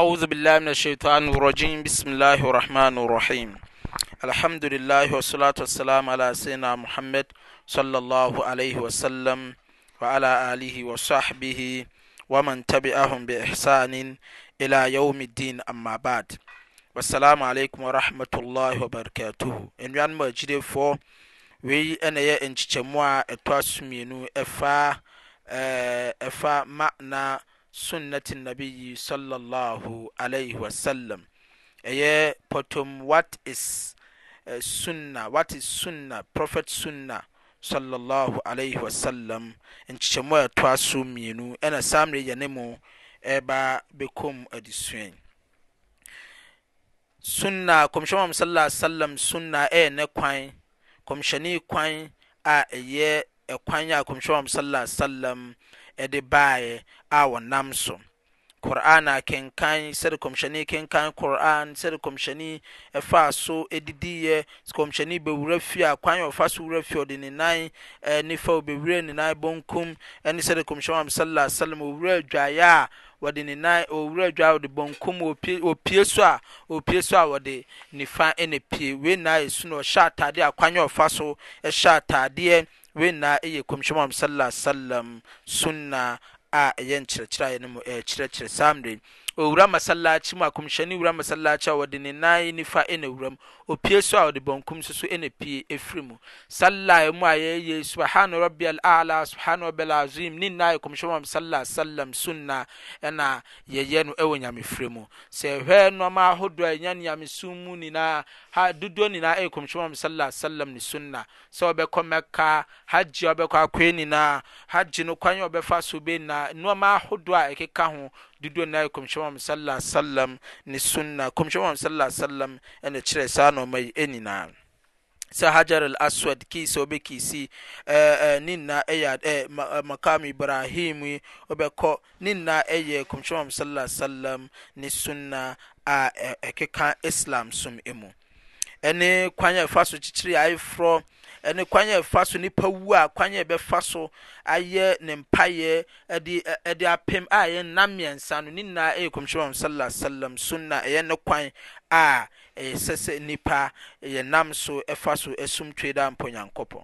أعوذ بالله من الشيطان الرجيم بسم الله الرحمن الرحيم الحمد لله والصلاة والسلام على سيدنا محمد صلى الله عليه وسلم وعلى آله وصحبه ومن تبعهم بإحسان إلى يوم الدين أما بعد والسلام عليكم ورحمة الله وبركاته إن يان مجري فو وي أنا يا إنشتموا أتواسمينو أفا أفا معنى sunnat nabiyi swsaam ɛyɛ ptom whatis eh, suna prophet sunna swsaam nkyekyɛmu a ɛtoaso mmienu ɛnasamere yɛne mu ba bɛkɔm adesua sunna kmywɛ mm ssalm sunna yɛ n kwan kɔmhyɛne kwan a ɛyɛ kwan a kɔmhwɛ mam sasalam ɛde baɛ a wɔnam so koran akenkan sɛde kɔmyɛne knkan kran sɛde kɔmyɛne ɛfa so didiɛ kɔmyɛne bɛwura fie kwaɔfa sowr fie ɔde nenanfa obɛwerɛ nena bɔnkum ɛne sɛde komyɛn a sasmradp s wd nfa npuenasnɔhyɛ tadeɛkwaɔfaso hyɛ atadeɛ wenna yɛ komsyɛma salasalam suna a yɛkyerɛkyerɛɛno kyerɛkyerɛ samda wura masaacimkmynersacɔdene nanfa nwrm opue sɔde bnkm snpue fr mu saamu ɛ sbhanaia sbhanm eɛs nayɛyɛ wɔ nyamfr mu ɛ ɛ nma hyyamesmmunyina ha dudu nyinaa ɛyɛ kɔmhyɛn mu sallallahu alaihi wasallam ne sunna sɛ ɔbɛkɔ mɛka hajj ɔbɛkɔ akɔɛ nyinaa hajj no kwan yɛ ɔbɛfa so bɛ nyinaa nneɛma ahodoɔ a ɛkeka ho dudu nyinaa e kɔmhyɛn mu sallallahu alaihi ni sunna kɔmhyɛn mu sallallahu alaihi ene ɛna kyerɛ saa nneɛma yi ɛnyinaa sɛ hajar al-aswad ki ki kiisi eh ɔbɛkiisi eh, ne nna ɛyɛ eh, eh, makam ibrahim yi ɔbɛkɔ ne nna ɛyɛ kɔmhyɛn mu sallallahu alaihi wasallam ni sunna a ɛkeka islam som mu ne kwan a ɛfa so kyekyere ayeforɔ ne kwan a ɛfa so nipa wu a kwan a ɛbɛfa so ayɛ ne mpaeɛ de de apem a ɛyɛ nam mmiɛnsa no ne nyinaa ɛyɛ kɔmhyɛn sallallahu alaihi wasallam sunna ɛyɛ ne kwan a ɛyɛ sɛ sɛ nipa ɛyɛ nam so ɛfa so ɛsum twe da mpɔ nyankopɔn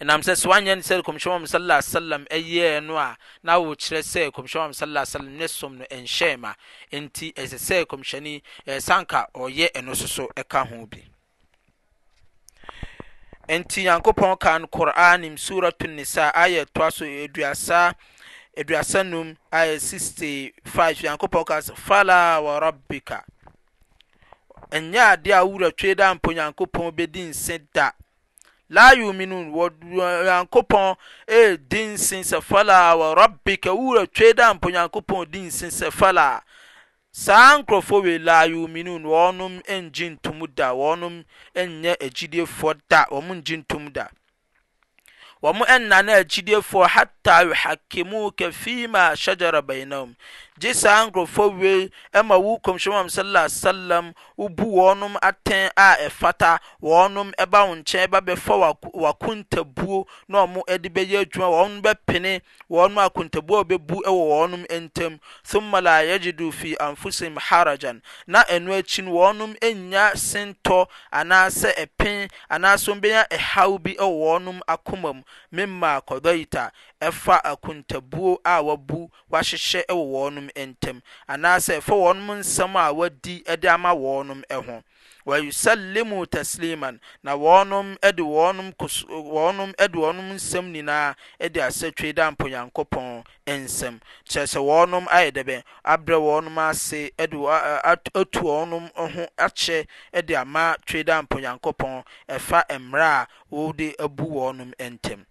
nnam sɛ so wannyɛ ne sɛ kɔmsyɛn am sala salam ɛyɛ no a na wo kyerɛ sɛ kɔmsyɛn am sa salam ne som no nhyɛma ɛnti ɛsɛ sɛ kɔmhyɛne ɛɛsanka ɔyɛ ɛno soso ɛka ho binkɔka koranim surato nisa ayɛ toasonɛ65aɔ farbikawrdpyankɔsd lauminun nyankopɔn e, dinse sɛfala warabika wowurɛtwe daampo nyankopɔn di nse sɛfala saa nkurɔfo wei la omenun wɔnom ngye tum da wɔnom yɛ agyidiefoɔ dawmo ye ntom da wɔ mo nnane agyidiefoɔ hata ohakemuka fi ma shagara bainahom gye saa nkurɔfoɔ wei ma wo kɔmhyɛm am sala salam wobu wɔnom atɛn a ɛfata wɔnom ɛba wo nkyɛn ba bɛfa wakontabuo na ɔmo de bɛyɛ adwuma wɔnom bɛpene wɔnom akontabuo a wɔbɛbu wɔ wɔnom ntam thumma la yagidu fi anfusihim harajan na ɛno akyi no wɔnom nya sentɔ anaasɛ ɛpen anaasɛ wɔmbɛnya ɛhaw bi wɔ wɔnom akoma mu mimma kɔdɔyita ɛfa akontabuo a wabu wahyehyɛ wɔ wɔnom ntam anaasɛ ɛfa wɔn nsɛm a wɔadi de ama wɔn ho wɔyusalimu tasliman na wɔn de wɔn kos wɔn de wɔn nsɛm nyinaa de asɛtwe da mponyankopɔn nsɛm kyerɛ sɛ wɔn ayɛ dɛbɛ abrɛ wɔn ase de atu wɔn ho akyɛ de ama twe da mponyankopɔn ɛfa mmerɛ a wɔde abu wɔn ntam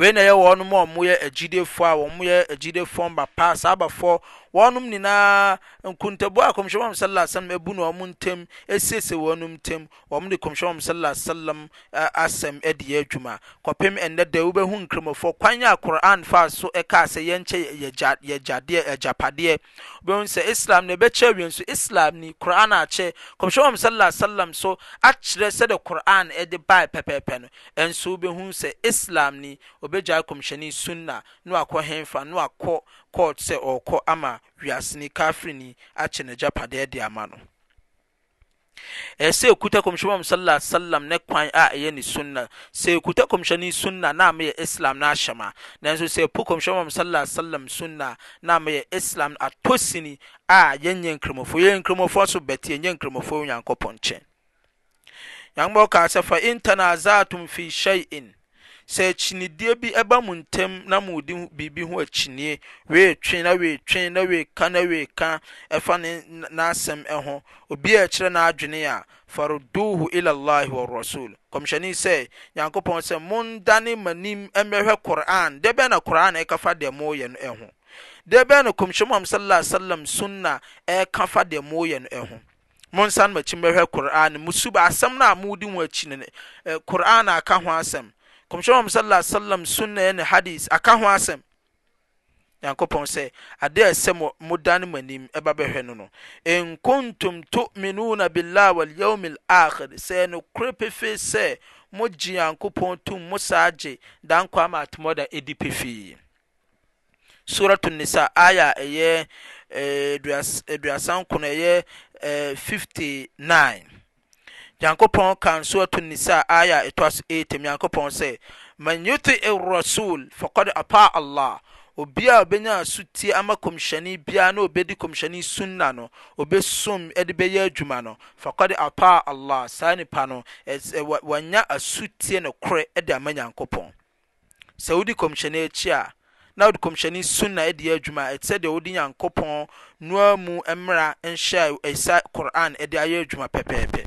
wei na ɛyɛ wɔn mo a wɔyɛ agyidefoɔ a wɔyɛ agyidefoɔ mba paa saa abafoɔ wɔnom nyinaa nkuntabu a kɔmhyɛ wɔn sallallahu alaihi wasallam ebu na wɔn ntam esiesie wɔn ntam wɔn de kɔmhyɛ wɔn sallallahu alaihi asɛm ɛde yɛ adwuma kɔpem ɛnɛ da wobɛhu nkramofoɔ kwan a koran fa so ɛka sɛ yɛnkyɛ yɛgya yɛgyadeɛ ɛgyapadeɛ wobɛhu sɛ islam na ɛbɛkyɛ awie nso islam ni koran akyɛ kɔmhyɛ wɔn sallallahu alaihi so akyerɛ sɛde de koran ɛde baa pɛpɛɛpɛ no ɛnso wobɛhu sɛ islam ni obɛgya kɔmhyɛni sunna na wakɔ hɛnfa na wakɔ court sɛ ɔrekɔ ama wiaseni kafrini akyɛ japa de ama no ɛsɛ ekuta kɔmhyɛn mu sallallahu alaihi wasallam ne kwan a ɛyɛ ne sunna sɛ ekuta kɔmhyɛn ne sunna na ama yɛ islam na ahyɛ ma nanso sɛ epu kɔmhyɛn mu sallallahu alaihi wasallam sunna na ama yɛ islam atosini a yɛnyɛ nkramofo yɛ nkramofo so bɛti yɛnyɛ nkramofo nyankopɔ nkyɛn yankopɔ kaa sɛ fa intanazaatum fi shay'in sɛ kyinideɛ bi ɛba mu ntam na mu di biribi ho akyinie wei twe na wei twe na wei ka na wei ka ɛfa ne n'asɛm ɛho obi a ɛkyerɛ n'adwene a faruduhu ila allah wa rasul kɔmhyɛni sɛ nyankopɔn sɛ mondane m'anim mmɛhwɛ koran dɛ bɛn na koran ɛka fa deɛ moyɛ no ɛho dɛ bɛn na kɔmhyɛ mu sallallahu alaihi wasallam sunna ɛka fa deɛ moyɛ no ɛho monsan m'akyi mmɛhwɛ koran musuba asɛm na a di mu akyi ne na aka ho asɛm komisyo m saala salam sunnaɛne hadis aka ho asɛm nyankopɔn sɛ adea sɛ modane mu anim ɔba bɛhwɛ no no inkontum tominuna bilah walyowm alaker sɛ ɛnokore pefe sɛ mo gye nyankopɔn tom mo saa gye dankw amaatomda ɛdi pe fii suratnisa aya eh, aduasan kron yɛ59 eh, nyankopɔn kan suratu nisa aya ɛtɔ so 8 nyankopɔn sɛ man yuti rasul faqad apa allah obiara a obɛnya asotie ama kɔmhyɛne biara na obɛdi kɔmhyɛne sunna no obɛsom de bɛyɛ adwuma no faqad apa allah saa nipa no wanya asotie no korɛ de ama nyankopɔn sɛ wodi kɔmhyɛne akyi a na wode kɔmhyɛne sunna adi adwuma ɛte sɛ deɛ wode nyankopɔn noa mu mmara nhyɛ ɛsa koran de ayɛ adwuma pɛpɛɛpɛ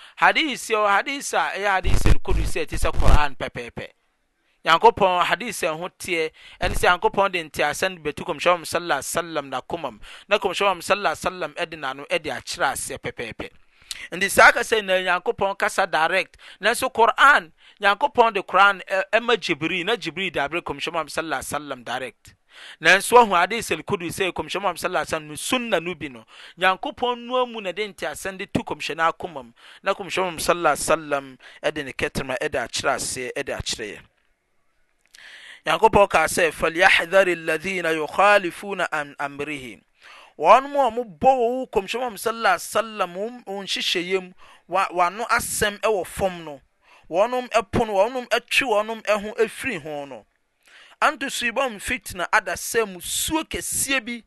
hadis hadisea yɛ hadis kodosɛtesɛ kuran pɛpɛpɛ nyankopɔ hadis ho teɛ nyankopɔ de nteasɛnbɛt kɔyɛsmnasyɛsm dede akyerɛ aseɛ pp nti saa kasɛnnyankopɔn kasa directnaso qoran nyankopɔ de kran ma gbril nagbril der drct nanso ahu ade sɛrkodo sɛ kɔmsyɛmɔ smsunna no bi no nyankopɔn noamu na dente asɛm de t kɔmyɛno akomam na kmyɛ s sm dektrma de akyerɛeɛde kerɛ nyankopɔasɛ faahar lna aifna an amerih nm mobɔɔkmyɛ sa mɔnhyehyɛam ano asɛm wɔ fm noɔnpn te n o firihon anto suiba hum fitina adasɛ mu suo kɛsie bi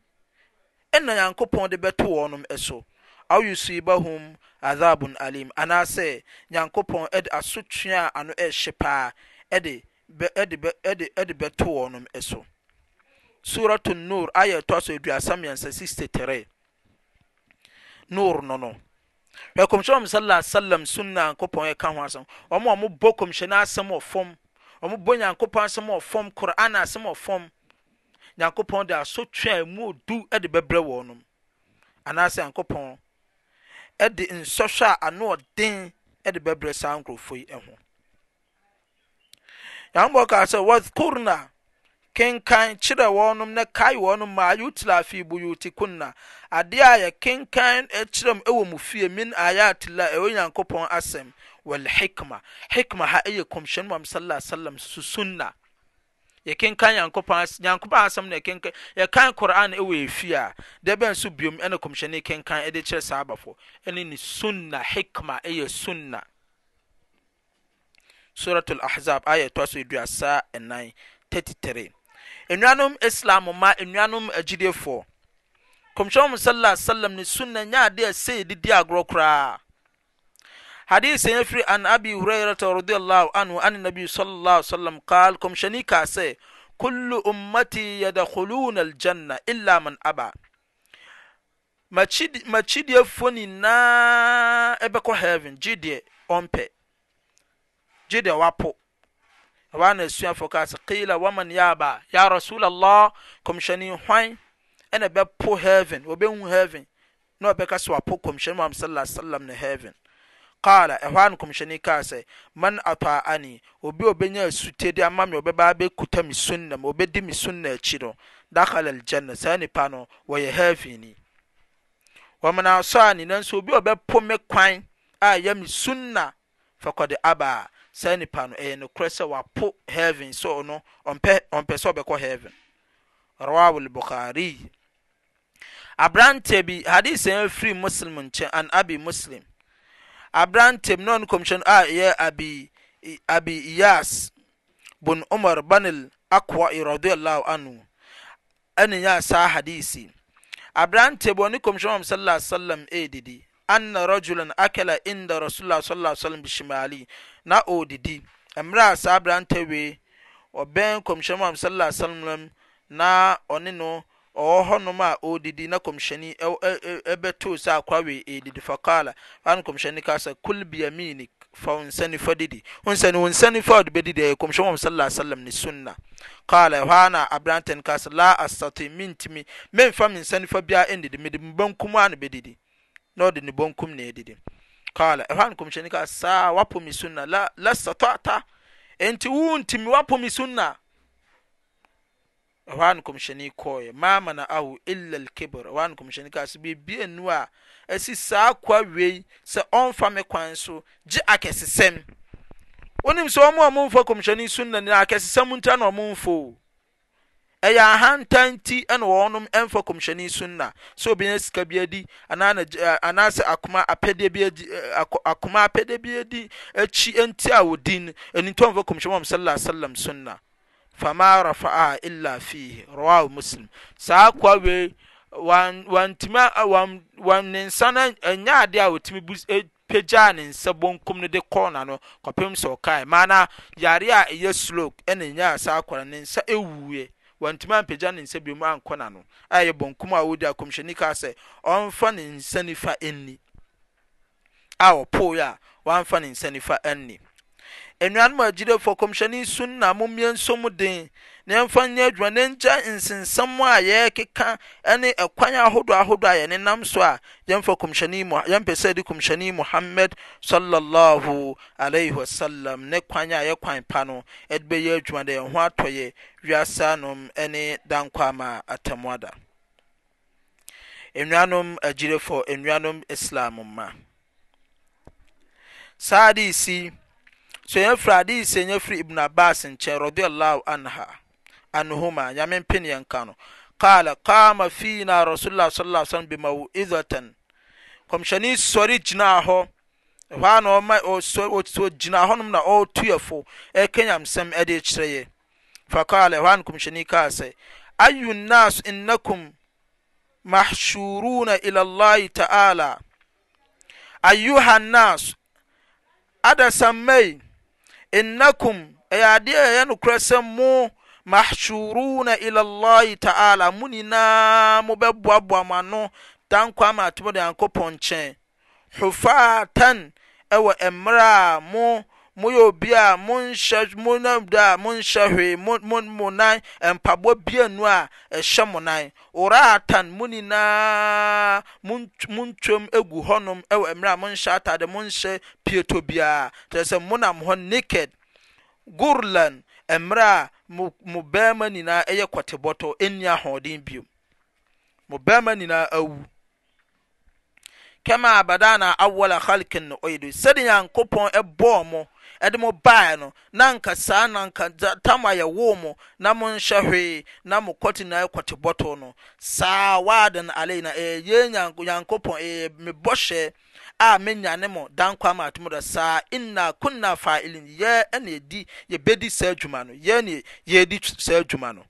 na nyankopɔn de bɛto wɔ nom ɛso owosuiba hum adzabun alim anaasɛ nyankopɔn ɛde asotuaa ano hye paa de bɛto wɔ nom sosratnor ɔmobɔ nyankopɔn asɛm ɔfam kor'an asɛm ɔfam nyankopɔn de asotwe a mu odu de bɛbrɛ wɔn nom anaasɛ nyankopɔn de nsɔhwɛ a ano ɔden de bɛbrɛ saa nkurɔfoɔ yi ho nyankopɔn kaa sɛ wɔkurna kenkan kyerɛ wɔnom na kae wɔnom ma yutla fi kunna ade a yɛkenkan kyerɛ m wɔ mu fie min ayatila ɛwɔ nyankopɔn asɛm wal hikma hikma ha ɛyɛ kɔmhyɛn mu sallallahu alaihi wasallam susunna yɛkenkan nyankopɔn nyankopɔn asɛm na yɛkenkan yɛkan koran ɛwɔ efi a dɛbɛn so biom ɛna kɔmhyɛn kenkan de kyerɛ saa abafo ɛne ne sunna hikma ɛyɛ sunna suratul ahzab ayɛ toa so aduasa ɛnan 33 nnuanom islam ma nnuanom agyidefoɔ kɔmhyɛn mu sallallahu alaihi wasallam ne sunna nyɛ ade a sɛ yɛdidi agorɔ koraa hadisi yɛn firi an abi hurairah radiyallahu anhu an nabi sallallahu alaihi wasallam qaal kɔmhyɛni kaa sɛ kullu ummati yadkhuluna aljanna illa man aba makyidiefoɔ nyinaa ɛbɛkɔ heaven gye deɛ ɔmpɛ gye wapo h ne asu ila waman yaa ya rasullah komsɛn ha nebɛp hvenhvnkaspk hn knaɛ man ataani obiyɛ asutede maktamedme snci aa jana sanpay hvei nsniobi bɛpme kwa ayɛme suna fa kɔd aa sanpanɛnekor sɛ wapo hven sɔpɛ sɛ ɔbɛkɔ hven raahlbuhari aberanti hadise free muslim nkyɛ an abi muslim abrantabi ny abi iyas bn mar banel aka rai an aneya saa hadise abrantabi ɔne komision saalam didi anna rajulan akela inda rasulm b shimali na odidi merɛ a saa beranta wei ɔbɛn kɔmsyɛn am sasm na ɔnenɔwɔ hɔnom a ɔdidi na kɔmɛni bɛtoo sɛkɔawei ii faka n kmyɛni kas kul biamini fawnsanifa ddinsani fade bɛdidi ɛ komsyɛ am ssm ne sunna ka ɛh naabrantan kas laasatm mentimi memfa me nsanifa bia nii medembnkum an bɛdiinɔdnbkmneii kɛhɔ no kyɛnasa wapɔm snna lasatata nti wontimi woapɔm su nna hɔ no kɔyɛne kɔ ma manaaho ila lkibr ɔnyɛna bbi nu a si saa kɔa wei sɛ ɔfa me kwan so gye akɛse sɛm on sɛmfɛneks sɛmtrana f ɛyɛ hanta nti na wɔnom mfa komsyɛne so nna sɛobino eh, sika biadi ana koma apɛdɛ biadi eh, ki ntia wo di nitfa komsyɛ saam s na fa ma rafaaha ila fii ra muslim saa kanensanyadeɛ a tumi pga ne nsa bokmno eh, de kɔna nop skaana yarea yɛ slok nyasakanensa wantumi ampagya ne nsa biom ankɔ n'ano a yɛ bɔnkum a wɔdi akɔmhyɛni kaa sɛ ɔmfa ne nsa nifa nni a ɔpooeɛ a wɔamfa ne nsa nifa nni nnuanom agyidefo kɔmhyɛni sun na mommie nso mu den naɛmfa nyɛ adwumadɛ ngya nsensɛmmu a yɛ keka ne ɛkwan ahodo ahodoɔ a yɛne nam so a yɛpɛsɛde komsyɛne yi muhammad swsm ne kwan a yɛkwan pa no de bɛyɛ adwuma dɛ ɛho atɔyɛ wiasa nom ne dankɔ ama atamuadaf ibn abbas ky ran nyamyɛ kaama fna rasullah alam bemawizatan kmsyɛne sɔre gyinahɔ gyinaɔnm naɔrtuafo kɛ nyam sɛm ɛdɛ kyerɛy faa kɛni aɛ a nas inakm mahruna ilalh taa uhnaadasamma inakm ɛyɛeyɛnokorasɛ mahshuruna ilalah taala mo nyinaa mobɛbaboa mano ak amatimd yankpɔ kyɛ hufatan w merɛ yɛn mpaboa bianu a hyɛ mo na oratan mo yinaa motm gu hɔn ɛm yɛ aa mo yɛ pietobia sɛ monam h niket grlanmeɛ mo mo bɛrima nyinaa ɛyɛ kɔte bɔtɔ ɛnni ahoɔden bio mo bɛrima nyinaa awu kɛmɛ abadana awɔla halikin na ɔyɛ do sɛde nyankopɔn ɛbɔɔ mo ɛde mo baeɛ no na anka saa na anka tam a yɛwoo mo na mo monhyɛ hwee na mo kɔte na ɛkɔte bɔtɔ no saa waaden alei na ɛyɛ nyankopɔn ɛyɛ me bɔhyɛ a me nyane mo dankwa ama atom da saa inna kunna fa fa'ilin yɛ ɛna yɛdi yɛbɛdi saa adwuma no yɛ ne yɛdi saa adwuma no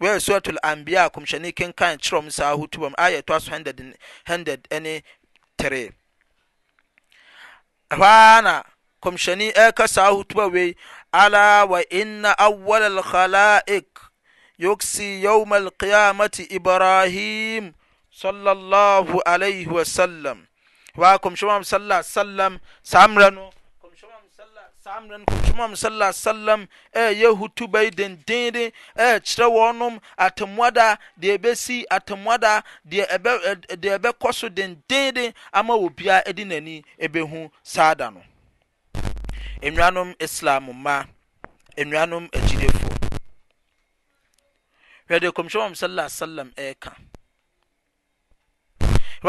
wɛyɛ suratul anbiya a kɔmhyɛne kenkan kyerɛ m saa hotuba m ayɛ ɛtoa so 100 ne 3 ɛhɔ ara na kmsyɛn rka saa hotuba wei ala wainna awal alkalaik oksi yawma alkamate ibrahim sɛ aam yɛ hotuba i deeen kyerɛ wɔnom atomada deɛ bɛsi atomada deɛ bɛkɔ so denenden ama wɔ bia di nnani bɛhu sada no nnuanom islam ma nnuanom agyidefoɔ hwɛ deɛ kɔmwɛmmɔm salil salm ɛrɛka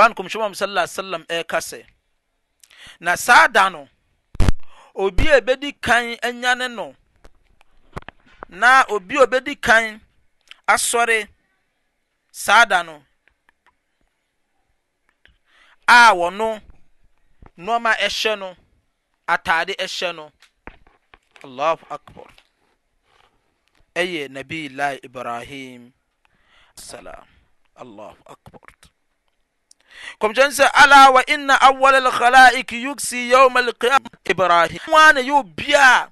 a n kɔmwɛmɔm salila salm ɛrɛka sɛ na saa da no obi a bɛdi kan nyane no na obi obɛdi kan asɔre saa da no a wɔno noɔma ɛhyɛ no atade ɛhyɛ no allahu akbar ɛyɛ nabiilahi ibrahim salam allahu akbar kɔmkyɛn sɛ ala wa inna awwal alkhalaik yuksi yawm alqiyama ibrahim wa na yɛ obia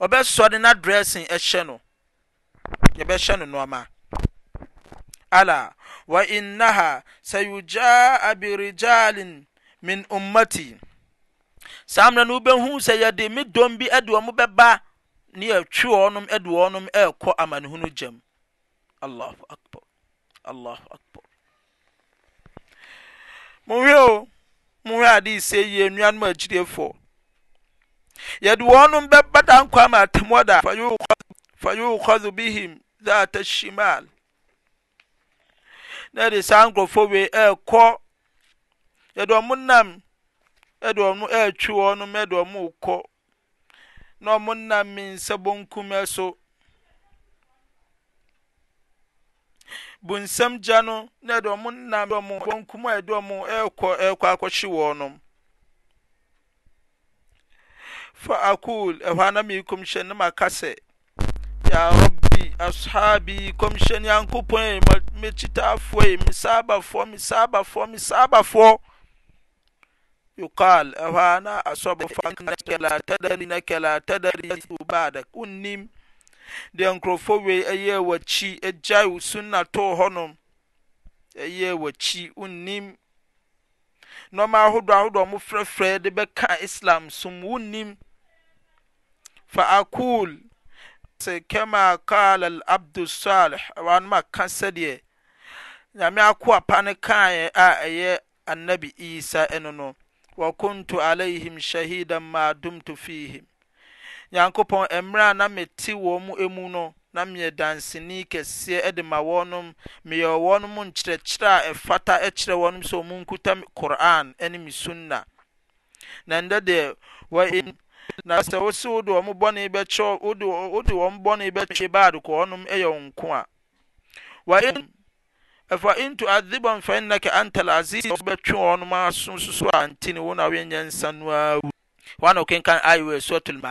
ɔbɛsɔre na dressing ɛhyɛ no yɛbɛhyɛ no ma ala wa innaha sayujaa birijalin min ummati saa mmerɛ no wobɛhu sɛ yɛde me dɔm bi de wɔn bɛba ne yɛtwe wɔnom de wɔnom ɛrekɔ amanehunu gyam allahu akbar allahu akbar mohwɛ o mohwɛ ade sɛ yie nnuanom agyiriefoɔ yɛde wɔnom bɛba da nkwa ma atemɔda fa yukhadhu bihim dhata shimal na yɛde saa nkurɔfoɔ wei ɛrekɔ yɛde ɔmo dm t wɔnomdmkɔ na ɔmona mensa bonkm so bnsam gyano admm kɔ akɔhye wɔ nom fa akol hɔ anamii komsyɛn nomakasɛ yarɔbi ashabi komsyɛn yankopɔn mɛkitaafoɔ mesaabafoɔ onim deɛ nkurɔfo weiyɛɛwɔkyi yae wo sunnatɔ hɔ nom yɛɛ waki woni nɔma ahodohodɔ m frɛfrɛ de bɛka islam som wo nnim fa acol kama kal labdusaleh nomaka sɛdeɛ nyame ako a pane kaɛ a ɛyɛ anabi yisa no no wakunto alihim sahidan madomto fihim nyankopɔn mmerɛ a na mete wɔ m mu no na mmeyɛ dansenii kɛseɛ de ma wɔ nom meyɛwwɔ no m nkyerɛkyerɛ a ɛfata kyerɛ wɔnom sɛ ɔmo nkuta koran ne me sunna nndeɛɛwowdbadɔn yɛ k ɛfa nto aze bɔmfɛ nɛke antelbɛtwe onom aso suso antine wo na wnya nsa no awoan kkan asuatoa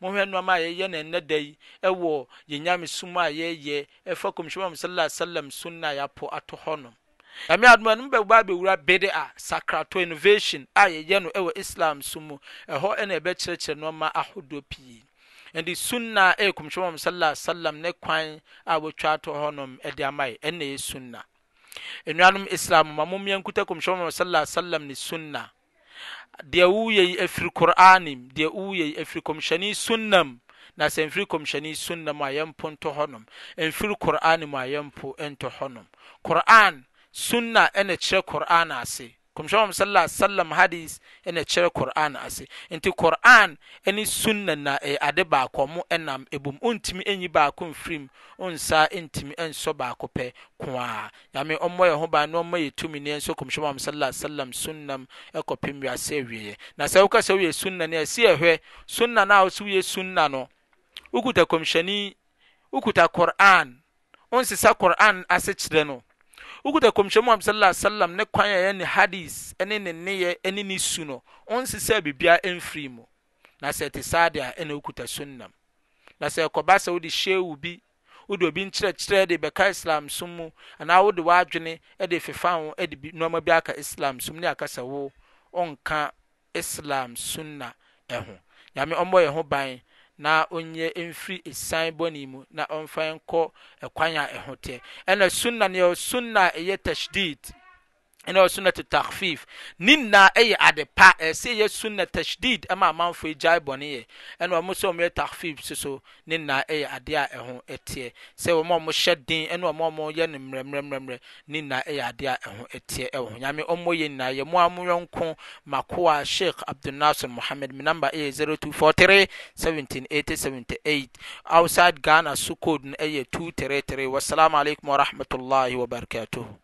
mohwɛ nneɛma a yɛyɛ na ɛnɛ da yi ɛwɔ yɛn nyame som a yɛyɛ ɛfa kɔmhyɛn mu sallallahu alaihi wasallam sunna yɛapɔ ato hɔnom ɛmɛ adoma no bɛba abɛwura bede a sakrato innovation a yɛyɛ no ɛwɔ islam so mu ɛhɔ ɛna ɛbɛkyerɛkyerɛ nneɛma ahodoɔ pii ɛnde sunna ɛyɛ kɔmhyɛn mu sallallahu alaihi ne kwan a wɔatwa ato hɔnom ɛde ama yɛ ɛna ɛyɛ sunna nnuanom islam ma mo mmea nkuta kɔmhyɛn mu sallallahu alaihi wasallam ne sunna dea u yei efiri kur'anim de u yei afiri komsheni sunnam nase enfiri komsheni sunnamayampo nto honom enfir kur'anim ayampo ento honom kuran sunna enacre kur'an ase kɔmhyɛn sallallahu alaihi sallam hadis ɛna kyerɛ qur'an ase nti qur'an ɛne eh, e e e sunna na ɛyɛ ade baako mo ɛnam ebom ontumi enyi baako mfirim onsa ntumi ɛnsɔ baako pɛ koa Yame ɔmo yɛ ho ban na ɔmo yɛ tumi ne nso kɔmhyɛn sallallahu sunna wasallam sunnam ɛkɔpem wiase awie na sɛ woka sɛ woyɛ sunna ne ɛsi ɛhwɛ sunna na a wɔsi sunna no wokuta kɔmhyɛni wokuta qur'an sa qur'an ase kyerɛ no wokuta kɔmhyɛmu am sala salam ne kwan a ɛyɛ hadis ne ne nneyɛ ne ne su no ɔnsesɛ biribiaa ɛmfiri mu na sɛ ɛte saa de a ɛna wokuta sunnam na sɛ ɛkɔba sɛ wode hyeewu bi wode obi nkyerɛkyerɛ de bɛka islam som mu anaa wode w'adwene de fefa ho de nneɔma bi aka islam som ne aka wo ɔnka islam sunna ɛho nyame ɔmmɔ yɛ ho ban na onyɛ mfiri esan bɔne mu na ɔmfa nkɔ kwan a ɛho teɛ ɛna sunna neɛ sunna a ɛyɛ tashdid ɛna ɔ sunnat takfif ne nyinaa ɛyɛ ade pa ɛsɛ eh, yɛ sunnat tashdid ɛma eh, amanfoɔ gyae bɔne yɛ ɛna ɔmo sɛ ɔmo yɛ takhfif so ne nyinaa ɛyɛ ade a ɛho ɛteɛ sɛ ɔmo ɔmo hyɛ den ɛna ɔmo ɔmo yɛ no mmerɛmmerɛmmerɛ ne nyinaa ɛyɛ ade a ɛho ɛteɛ ɛwɔ ho nyame ɔmo yɛ nyinaa yɛ mo a mo yɔnko makoa sheikh abdulnasir mohammed mi namba ɛyɛ zero two four three seventeen eighty seventy eight outside ghana so code no ɛyɛ two three three wasalaamu alaikum wa rahmatulahi wa barakatuhu